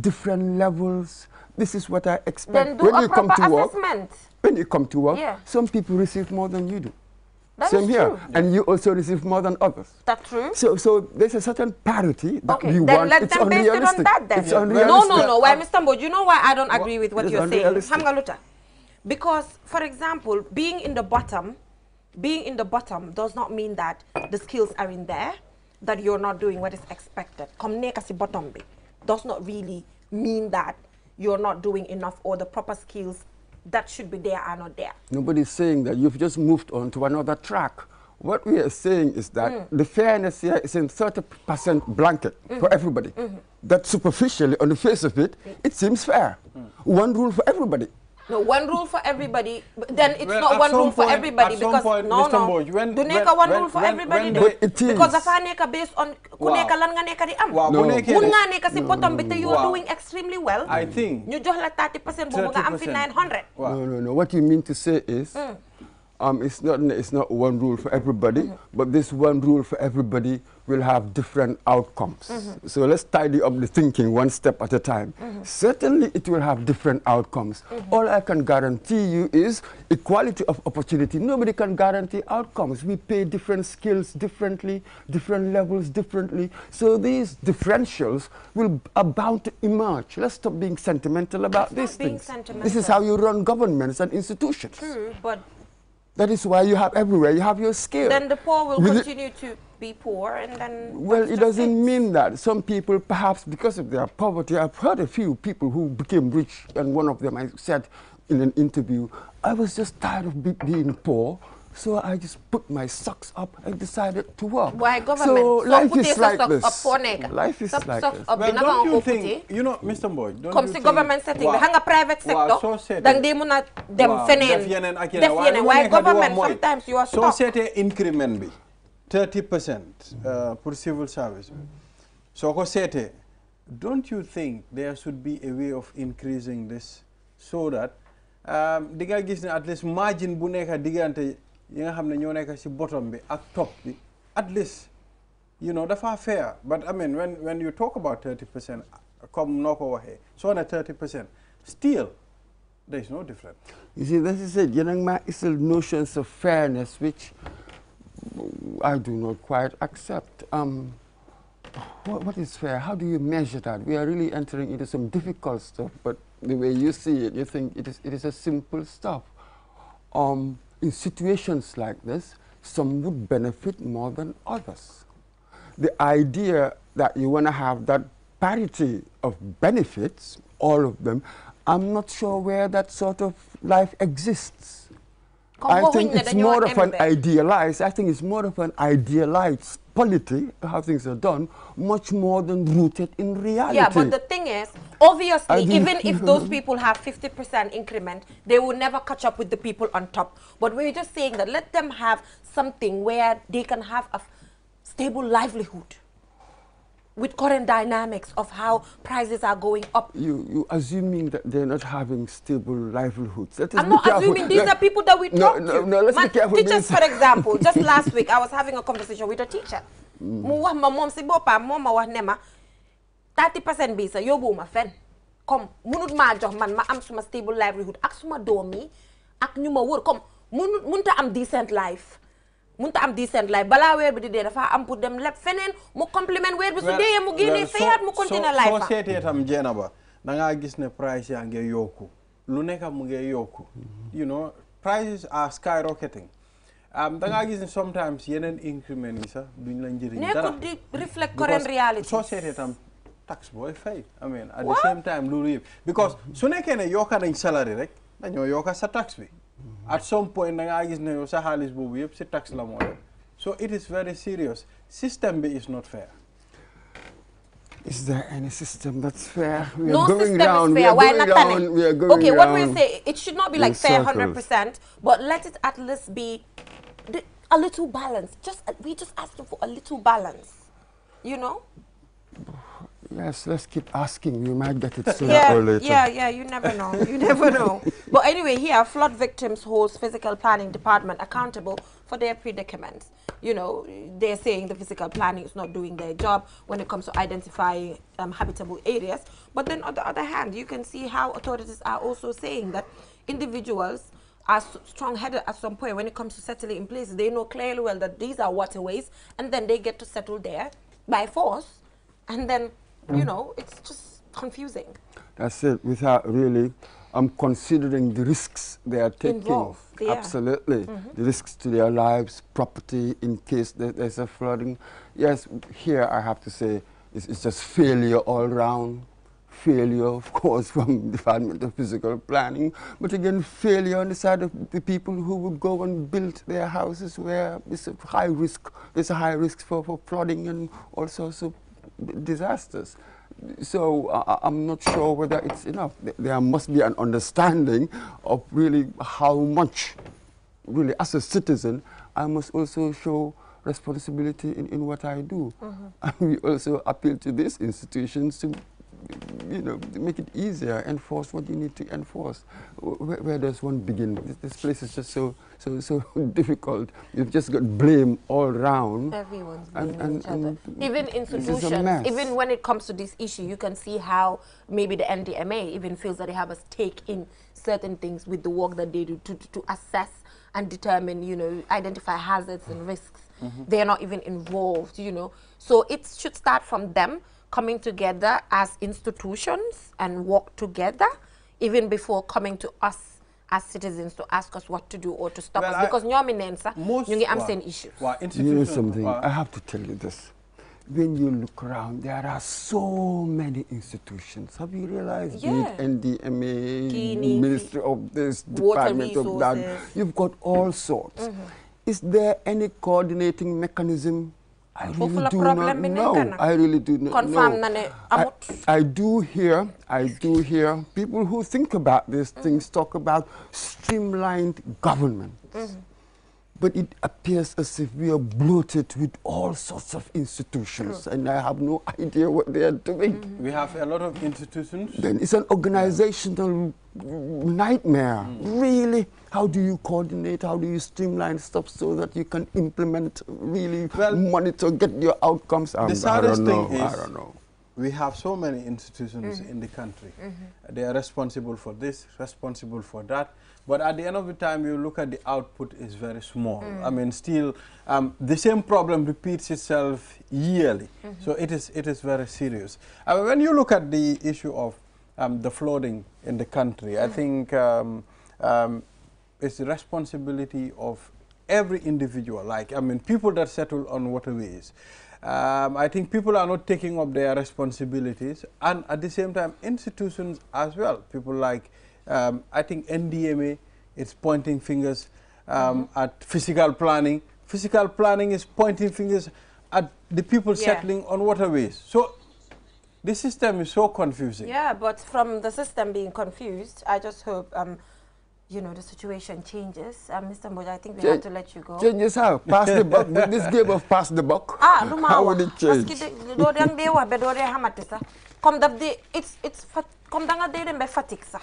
different levels. This is what I expect. when you come to assessment. work, when you come to work, yeah. some people receive more than you do. That Same here. True. And you also receive more than others. That's true. So, so there's a certain parity that okay. we then want. Let them unrealistic. it on that, then. It's yeah. unrealistic. No, no, no. Why, well, Mr. Mbo, you know why I don't agree with what you're saying? Because, for example, being in the bottom being in the bottom does not mean that the skills are in there, that you're not doing what is expected. Comme bottom bi does not really mean that you're not doing enough or the proper skills that should be there are not there. Nobody's saying that you've just moved on to another track. What we are saying is that mm. the fairness here is in 30% blanket mm -hmm. for mm-hmm. everybody. Mm -hmm. That superficially, on the face of it, mm. it seems fair. Mm. One rule for everybody. No, one rule for everybody. But then it's well, not one rule point, for everybody because point, no, Mr. no. Moj, when, du nekk one rule for everybody de. because dafa nekk based on ku nekk lan nga nekk di am. mun naa nekk si bottom bi you are doing extremely well. I think ñu jox la 30% boobu nga am fi 900. no no no what you mean to say is. Mm. um, it's not it's not one rule for everybody, mm -hmm. but this one rule for everybody will have different outcomes. Mm -hmm. So let's tidy up the thinking one step at a time. Mm -hmm. Certainly, it will have different outcomes. Mm-hmm. All I can guarantee you is equality of opportunity. Nobody can guarantee outcomes. We pay different skills differently, different levels differently. So these differentials will are bound to emerge. Let's stop being sentimental about it's these things. This is how you run governments and institutions. True, but that is why you have everywhere, you have your skill. Then the poor will With continue to be poor and then... Well, it doesn't mean that. Some people, perhaps because of their poverty, I've heard a few people who became rich, and one of them I said in an interview, I was just tired of be being poor. So I just put my socks up and decided to walk. Why government? So life is like this. Life is like this. Well, don't you think, you know, Mr. Boyd, don't Comme you think... government setting, hang a private sector, wow, dang di muna dem fenen. Def yenen Why government, sometimes you are stuck. set increment be 30% uh, for civil service. So ko sete, don't you think there should be a way of increasing this so that um, di at least margin bu nekk diggante ñi nga xam ne ñoo nekk ci bottom bi ak top bi at least you know dafa fair but I mean when when you talk about thirty percent comme noo ko So soo ne thirty percent still there is no difference. you see this is it yéen a ngi notions of fairness which I do not quite accept. Um, what, what is fair? How do you measure that? We are really entering into some difficult stuff, but the way you see it, you think it is, it is a simple stuff. Um, in situations like this, some would benefit more than others. The idea that you want to have that parity of benefits, all of them, I'm not sure where that sort of life exists. I think it's more of an idealized, I think it's more of an idealized polity, how things are done, much more than rooted in reality. Yeah, but the thing is, obviously, even if those people have 50% increment, they will never catch up with the people on top. But we're just saying that let them have something where they can have a stable livelihood with current dynamics of how prices are going up. You, you assuming that they're not having stable livelihoods. That is I'm not careful. assuming. These are people that we no, talk no, to. No, let's be careful. Teachers, for example, just last week I was having a conversation with a teacher. Mm. mu wax ma moom si boppam moom ne ma 30 percent bi yobo ma fen comme munut ma jox man ma am suma stable livelihood ak suma do me ak ñu ma wër comme munut munta am decent life mënut a am dix cent lay balaa weer bi di dee dafa am pour dem leb feneen mu complément weer bi su deeyee mu génnee fayaat mu continuer lay fa soo seetee tam jeena ba da ngaa gis ne price yaa ngi yokku lu nekk mu nge yokku you know prices are skyrocketing um, da ngaa gis ne sometimes yeneen increment yi sax duñ la njëriñ dara nekkul di reflect current reality soo seetee tam tax booy fay I at the same time loolu yëpp because su nekkee ne yokka nañ salary rek dañoo yokka sa tax bi at some point da ngaa gis ne sa xaalis boobu yëpp si tax la moo so it is very serious system bi is not fair. Is there any system that's fair? We no system round, is fair. Why not down, we Okay, what we say, it should not be like fair circles. 100%, but let it at least be a little balance. Just we just asking for a little balance, you know let's let's keep asking. You might get it sooner yeah, or later. Yeah, yeah, you never know. You never know. But anyway, here, flood victims hold physical planning department accountable for their predicaments. You know, they're saying the physical planning is not doing their job when it comes to identifying um, habitable areas. But then on the other hand, you can see how authorities are also saying that individuals are strong-headed at some point when it comes to settling in places. They know clearly well that these are waterways, and then they get to settle there by force, and then Mm. you know, it's just confusing. That's it, without really I'm considering the risks they are taking. Involved, yeah. Absolutely. Mm -hmm. The risks to their lives, property, in case there, there's a flooding. Yes, here I have to say it's, it's just failure all round. Failure, of course, from the Department of Physical Planning, but again, failure on the side of the people who would go and build their houses where there's a high risk. There's a high risk for, for flooding and all sorts of disasters. So uh, I'm not sure whether it's enough. There must be an understanding of really how much, really as a citizen, I must also show responsibility in, in what I do. Mm -hmm. And we also appeal to these institutions to you know, make it easier, enforce what you need to enforce. Where, where does one begin? This, this, place is just so, so, so difficult. You've just got blame all round. Everyone's blaming and, and, Even institutions, even when it comes to this issue, you can see how maybe the NDMA even feels that they have a stake in certain things with the work that they do to, to, to assess and determine, you know, identify hazards and risks. Mm -hmm. They are not even involved, you know. So it should start from them coming together as institutions and work together even before coming to us as citizens to ask us what to do or to stop well, us I, because you're neen sax ñu ngi am seen issue. You know something I have to tell you this when you look around there are so many institutions have you realized yeah. NDMA Ministry of this Department of that you've got all sorts mm -hmm. is there any coordinating mechanism I really do not know. I really do not Confirm know. I, I do hear, I do hear people who think about these things talk about streamlined government. Mm -hmm. But it appears as if we are bloated with all sorts of institutions, True. and I have no idea what they are doing. Mm -hmm. We have a lot of institutions. Then it's an organizational nightmare. Mm. Really, how do you coordinate? How do you streamline stuff so that you can implement, really well, monitor, get your outcomes? the um, saddest thing know, is, I don't know. We have so many institutions mm. in the country. -hmm. They are responsible for this, responsible for that but at the end of the time, you look at the output is very small. Mm. I mean, still, um, the same problem repeats itself yearly. Mm -hmm. So it is, it is very serious. I mean, when you look at the issue of um, the flooding in the country, mm. I think um, um, it's the responsibility of every individual. Like, I mean, people that settle on waterways. Um, I think people are not taking up their responsibilities and at the same time institutions as well people like um, I think NDMA is pointing fingers um, mm -hmm. at physical planning. Physical planning is pointing fingers at the people yeah. settling on waterways. So the system is so confusing. Yeah, but from the system being confused, I just hope, um, you know, the situation changes. Um, uh, Mr. Mboja, I think we Ch have to let you go. Changes how? Pass the buck. this game of pass the buck. Ah, How would it change? Come the it's it's come the fatigue, sir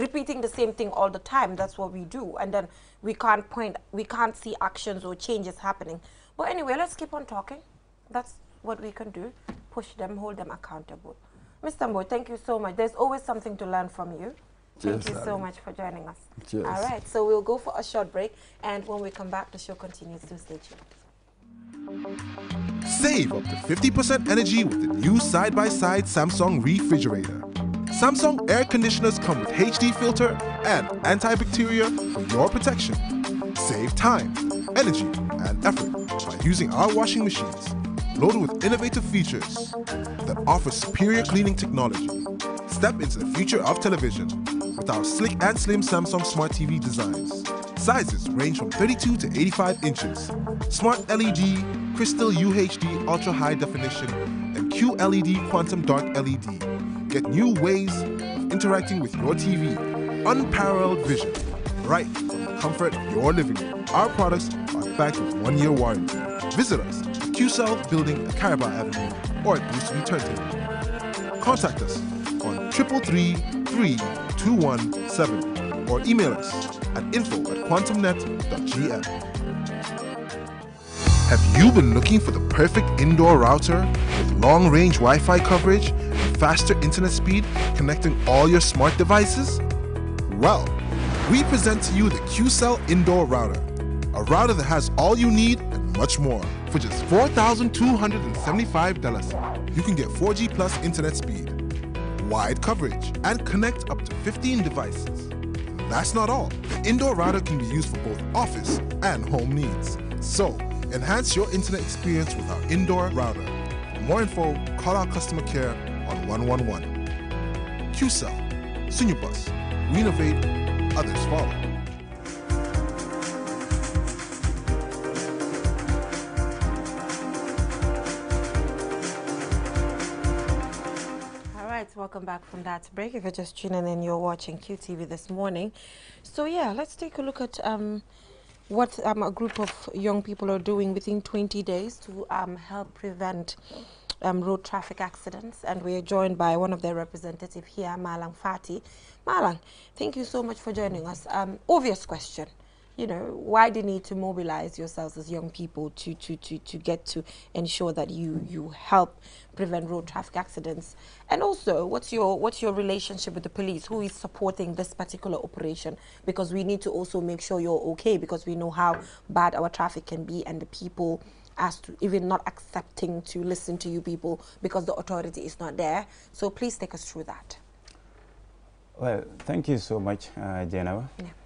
repeating the same thing all the time. That's what we do. And then we can't point, we can't see actions or changes happening. But anyway, let's keep on talking. That's what we can do. Push them, hold them accountable. Mr. Mbo, thank you so much. There's always something to learn from you. thank you so much for joining us. All right, so we'll go for a short break. And when we come back, the show continues. to stay tuned. Save up to 50% energy with the new side by -side Samsung refrigerator. Samsung air conditioners come with HD filter and antibacterial for your protection. Save time, energy, and effort by using our washing machines, loaded with innovative features that offer superior cleaning technology. Step into the future of television with our slick and slim Samsung Smart TV designs. Sizes range from 32 to 85 inches. Smart LED, Crystal UHD Ultra High Definition, and QLED Quantum Dark LED get new ways of interacting with your TV. Unparalleled vision, right from the comfort your living Our products are backed with one-year warranty. Visit us at QCell Building at Caraba Avenue or at Boost V Turntable. Contact us on 333 or email us at info at quantumnet.gm. Have you been looking for the perfect indoor router with long range Wi Fi coverage faster internet speed connecting all your smart devices? Well, we present to you the QCell Indoor Router, a router that has all you need and much more. For just $4,275, you can get 4G plus internet speed, wide coverage, and connect up to 15 devices. that's not all. The indoor router can be used for both office and home needs. So, enhance your internet experience with our indoor router. For more info, call our customer care on 111. QCell, Sinubus. We innovate, others follow. All right, Welcome back from that break. If you're just tuning in, you're watching QTV this morning. So yeah, let's take a look at um, what um, a group of young people are doing within 20 days to um, help prevent um, road traffic accidents, and we are joined by one of their representatives here, Malang Fati. Malang, thank you so much for joining us. Um, obvious question, you know, why do you need to mobilize yourselves as young people to, to, to, to get to ensure that you, you help prevent road traffic accidents? And also, what's your, what's your relationship with the police? Who is supporting this particular operation? Because we need to also make sure you're okay because we know how bad our traffic can be and the people as to even not accepting to listen to you people because the authority is not there. So please take us through that. Well, thank you so much, uh, yeah.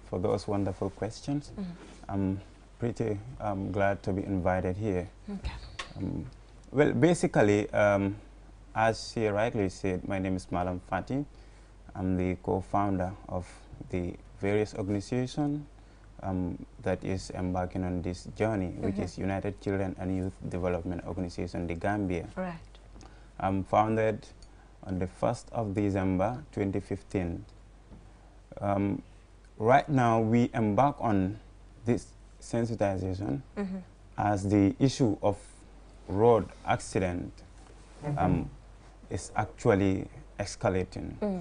for those wonderful questions. Mm -hmm. I'm pretty um, glad to be invited here. Okay. Um, well, basically, um, as she rightly said, my name is Malam Fati. I'm the co-founder of the various organizations um, that is embarking on this journey, mm -hmm. which mm-hmm. is United Children and Youth Development Organization, the Gambia. Right. Um, founded on the 1st of December 2015. Um, right now, we embark on this sensitization mm -hmm. as the issue of road accident mm -hmm. is actually escalating, mm.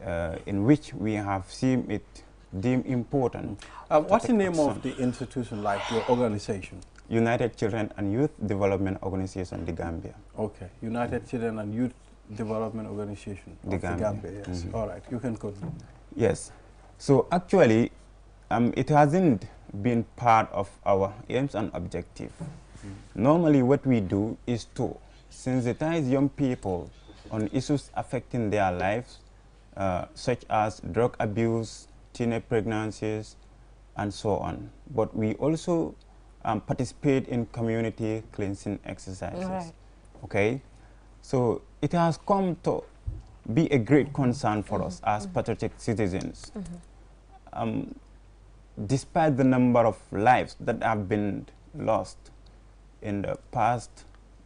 uh, in which we have seen it deem important. Uh, what's the name of the institution, like your organization? United Children and Youth Development Organization, The Gambia. Okay, United mm -hmm. Children and Youth Development Organization, The Gambia. Gambia yes. Mm -hmm. All right, you can continue. Yes. So actually, um, it hasn't been part of our aims and objective. Mm -hmm. Normally, what we do is to sensitize young people on issues affecting their lives, uh, such as drug abuse, teenage pregnancies, and so on. But we also um, participate in community cleansing exercises. Right. Okay, so it has come to be a great concern for mm -hmm. us mm-hmm. as mm -hmm. patriotic citizens. Mm -hmm. um, despite the number of lives that have been lost in the past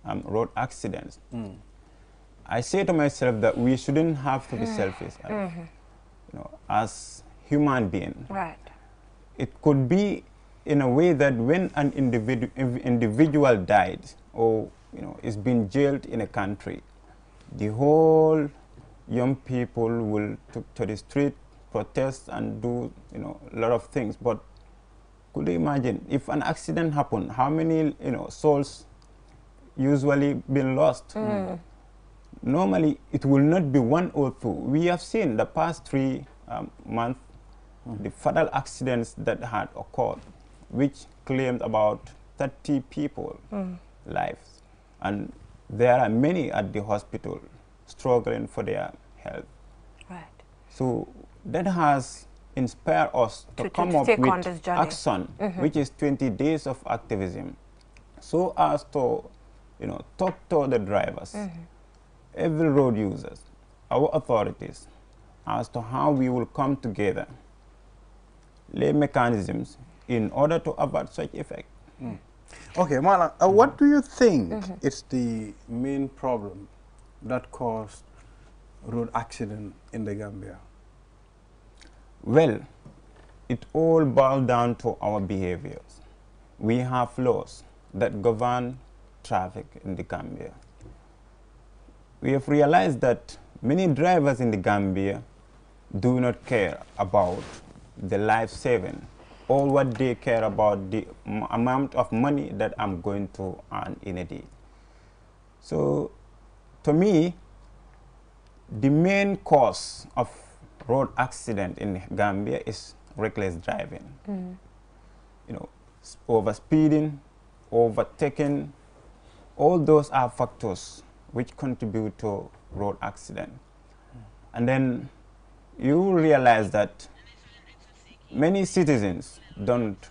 um, road accidents, mm. I say to myself that we shouldn't have to be mm. selfish. Mm-hmm. You know, as human being. Right. It could be in a way that when an individu individual died or you know is being jailed in a country, the whole young people will to, to the street, protest and do you know a lot of things. But could you imagine if an accident happened, how many you know souls usually been lost? Mm. Normally, it will not be one or two. We have seen the past three um, months the fatal accidents that had occurred, which claimed about 30 people mm. lives. And there are many at the hospital struggling for their health. Right. So that has inspired us to, to come to up with action, mm -hmm. which is 20 days of activism, so as to, you know, talk to the drivers, mm -hmm. every road users, our authorities, as to how we will come together les mechanisms in order to avert such effect. Mm. Okay, Mala, uh, what do you think mm -hmm. is the main problem that caused road accident in the Gambia? Well, it all boils down to our behaviors. We have laws that govern traffic in the Gambia. We have realized that many drivers in the Gambia do not care about the life saving all what they care about the amount of money that I'm going to earn in a day. So to me, the main cause of road accident in Gambia is reckless driving. Mm -hmm. You know, overspeeding, overtaking, all those are factors which contribute to road accident. And then you realize that many citizens don't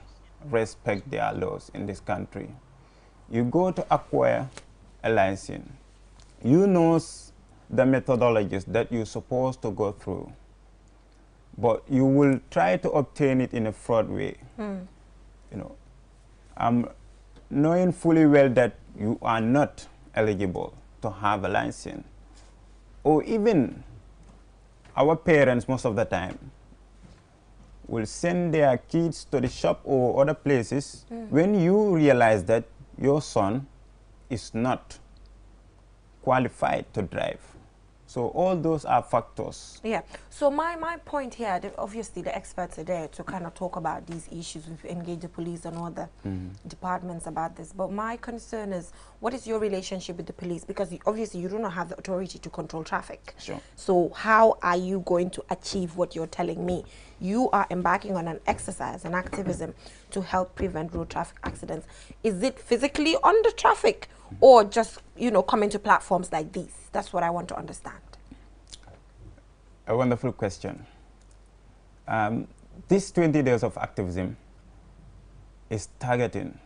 respect their laws in this country. You go to acquire a license. You know the methodologies that you're supposed to go through, but you will try to obtain it in a fraud way. Mm. You know, um, knowing fully well that you are not eligible to have a license, or even our parents most of the time will send their kids to the shop or other places mm. when you realize that your son is not qualified to drive so all those are factors. Yeah. So my, my point here, obviously the experts are there to kind of talk about these issues. We've engaged the police and other mm -hmm. departments about this. But my concern is, what is your relationship with the police? Because you, obviously you do not have the authority to control traffic. Sure. So how are you going to achieve what you're telling me? You are embarking on an exercise, an activism to help prevent road traffic accidents. Is it physically on the traffic? or just you know coming to platforms like these? That's what I want to understand. A wonderful question. Um, this 20 days of activism is targeting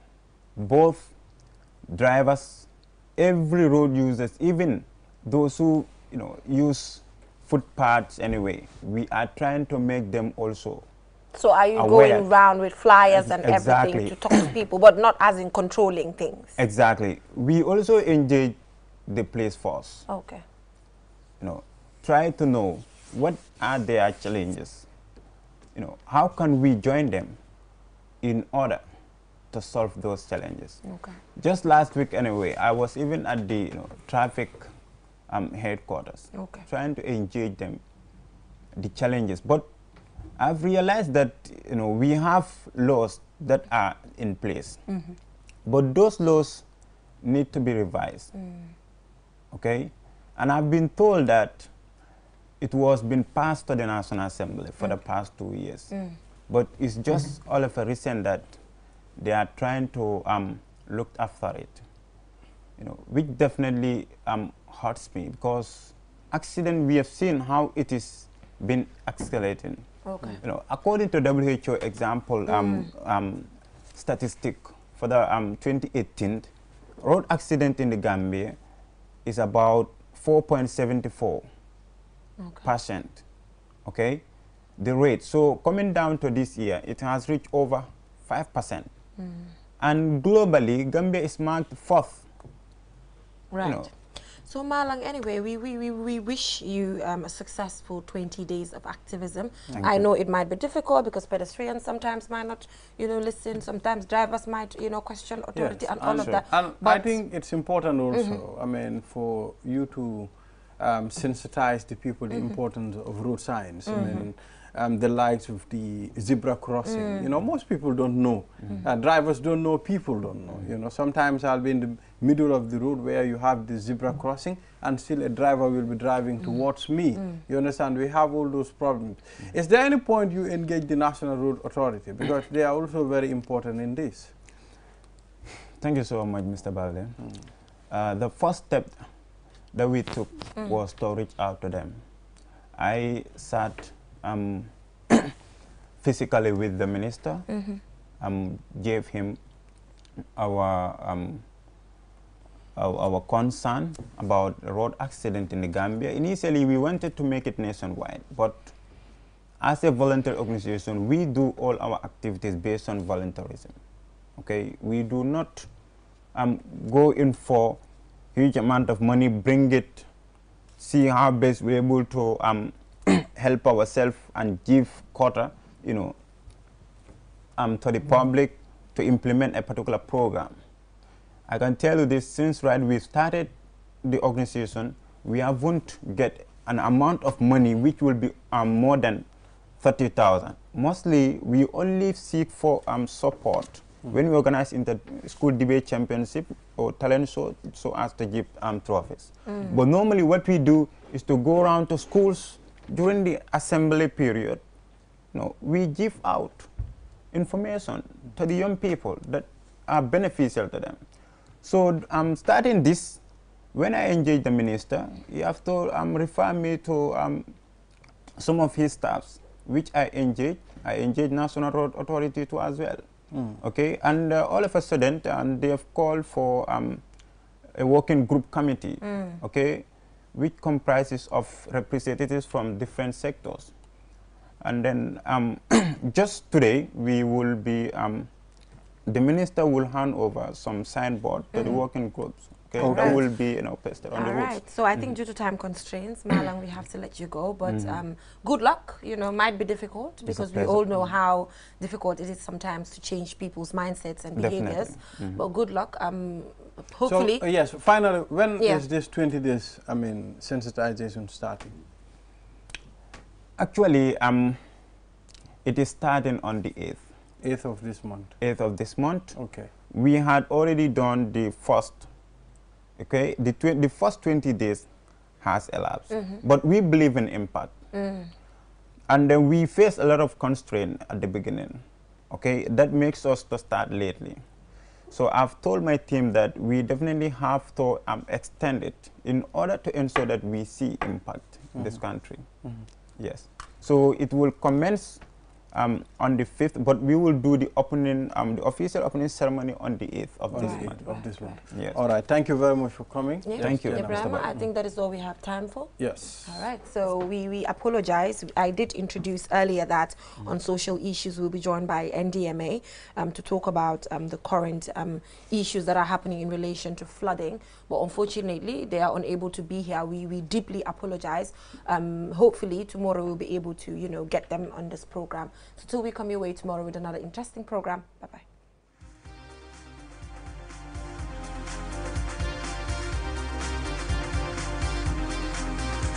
both drivers, every road users, even those who you know use footpaths anyway. We are trying to make them also so are you aware. going around with flyers and exactly. everything to talk to people, but not as in controlling things? Exactly. We also engage the place first. Okay. You know, try to know what are their challenges. You know, how can we join them in order to solve those challenges? Okay. Just last week, anyway, I was even at the you know, traffic um, headquarters, okay. trying to engage them, the challenges. But I've realized that you know we have laws that are in place, mm -hmm. but those laws need to be revised. Mm. Okay, and I've been told that it was been passed to the National Assembly for okay. the mm. past two years, mm. but it's just mm-hmm. all of a recent that they are trying to um, look after it. You know, which definitely um, hurts me because accident we have seen how it is been escalating. Okay. You know, according to WHO example mm. um, mm. um, statistic for the um, 2018, road accident in the Gambia is about 4.74 okay. percent. Okay, the rate. So coming down to this year, it has reached over five percent. Mm. And globally, Gambia is marked fourth. Right. You know, so Malang, anyway, we, we, we, we wish you um, a successful 20 days of activism. Thank I you. know it might be difficult because pedestrians sometimes might not, you know, listen. Sometimes drivers might, you know, question authority yes, and all sure. of that. And but I think it's important mm-hmm. also, mm -hmm. I mean, for you to um, sensitize the people mm -hmm. the mm-hmm. importance of road signs. Mm -hmm. I mm-hmm. mean, um, the likes of the zebra crossing. Mm. You know, most people don't know. Mm. Uh, drivers don't know, people don't know. You know, sometimes I'll be in the middle of the road where you have the zebra mm. crossing and still a driver will be driving mm. towards me. Mm. You understand? We have all those problems. Is there any point you engage the National Road Authority? Because they are also very important in this. Thank you so much, Mr. Balde. Uh, the first step that we took was to reach out to them. I sat um, physically with the minister, mm -hmm. um, gave him our, um, our, our concern about road accident in the Gambia. Initially, we wanted to make it nationwide, but as a voluntary organization, we do all our activities based on voluntarism. Okay, we do not um, go in for huge amount of money, bring it, see how best we're able to um, help ourselves and give quarter, you know, um, to the public to implement a particular program. I can tell you this, since right we started the organization, we haven't get an amount of money which will be um, more than 30,000. Mostly, we only seek for um, support mm -hmm. when we organize inter-school debate championship or talent show so as to give um, trophies. Mm -hmm. But normally what we do is to go around to schools during the assembly period, you know, we give out information to the young people that are beneficial to them. So I'm um, starting this. When I engage the minister, he have to um, refer me to um, some of his staffs, which I engage. I engage National Road Authority too as well. Mm. Okay, and uh, all of a sudden, and they have called for um, a working group committee. Mm. Okay, which comprises of representatives from different sectors. And then um, just today, we will be, um, the minister will hand over some signboard mm -hmm. to the mm-hmm. working groups Okay, that oh, will be you know pasted on All the right. So I think mm. due to time constraints, Malang, we have to let you go. But mm. um, good luck. You know, might be difficult because we all know how difficult it is sometimes to change people's mindsets and behaviors. Mm-hmm. But good luck. Um, hopefully. So, uh, yes. Finally, when yeah. is this 20 days? I mean, sensitization starting? Actually, um, it is starting on the 8th. 8th of this month? 8th of this month. Okay. We had already done the first okay, the, the first 20 days has elapsed. Mm -hmm. But we believe in impact. Mm. And then we face a lot of constraint at the beginning. Okay, that makes us to start lately. So I've told my team that we definitely have to um, extend it in order to ensure that we see impact mm -hmm. in this mm-hmm. country. -hmm. Yes. So it will commence um, on the 5th, but we will do the opening, um, the official opening ceremony on the 8th of this month. Of this month. Yes. All right. Thank you very much for coming. Yes. Thank you. Ibrahim, I think that is all we have time for. Yes. All right. So we, we apologize. I did introduce earlier that mm. on social issues, we'll be joined by NDMA um, to talk about um, the current um, issues that are happening in relation to flooding. But unfortunately, they are unable to be here. We, we deeply apologize. Um, hopefully, tomorrow we'll be able to, you know, get them on this program. So till we come your way tomorrow with another interesting program. Bye bye.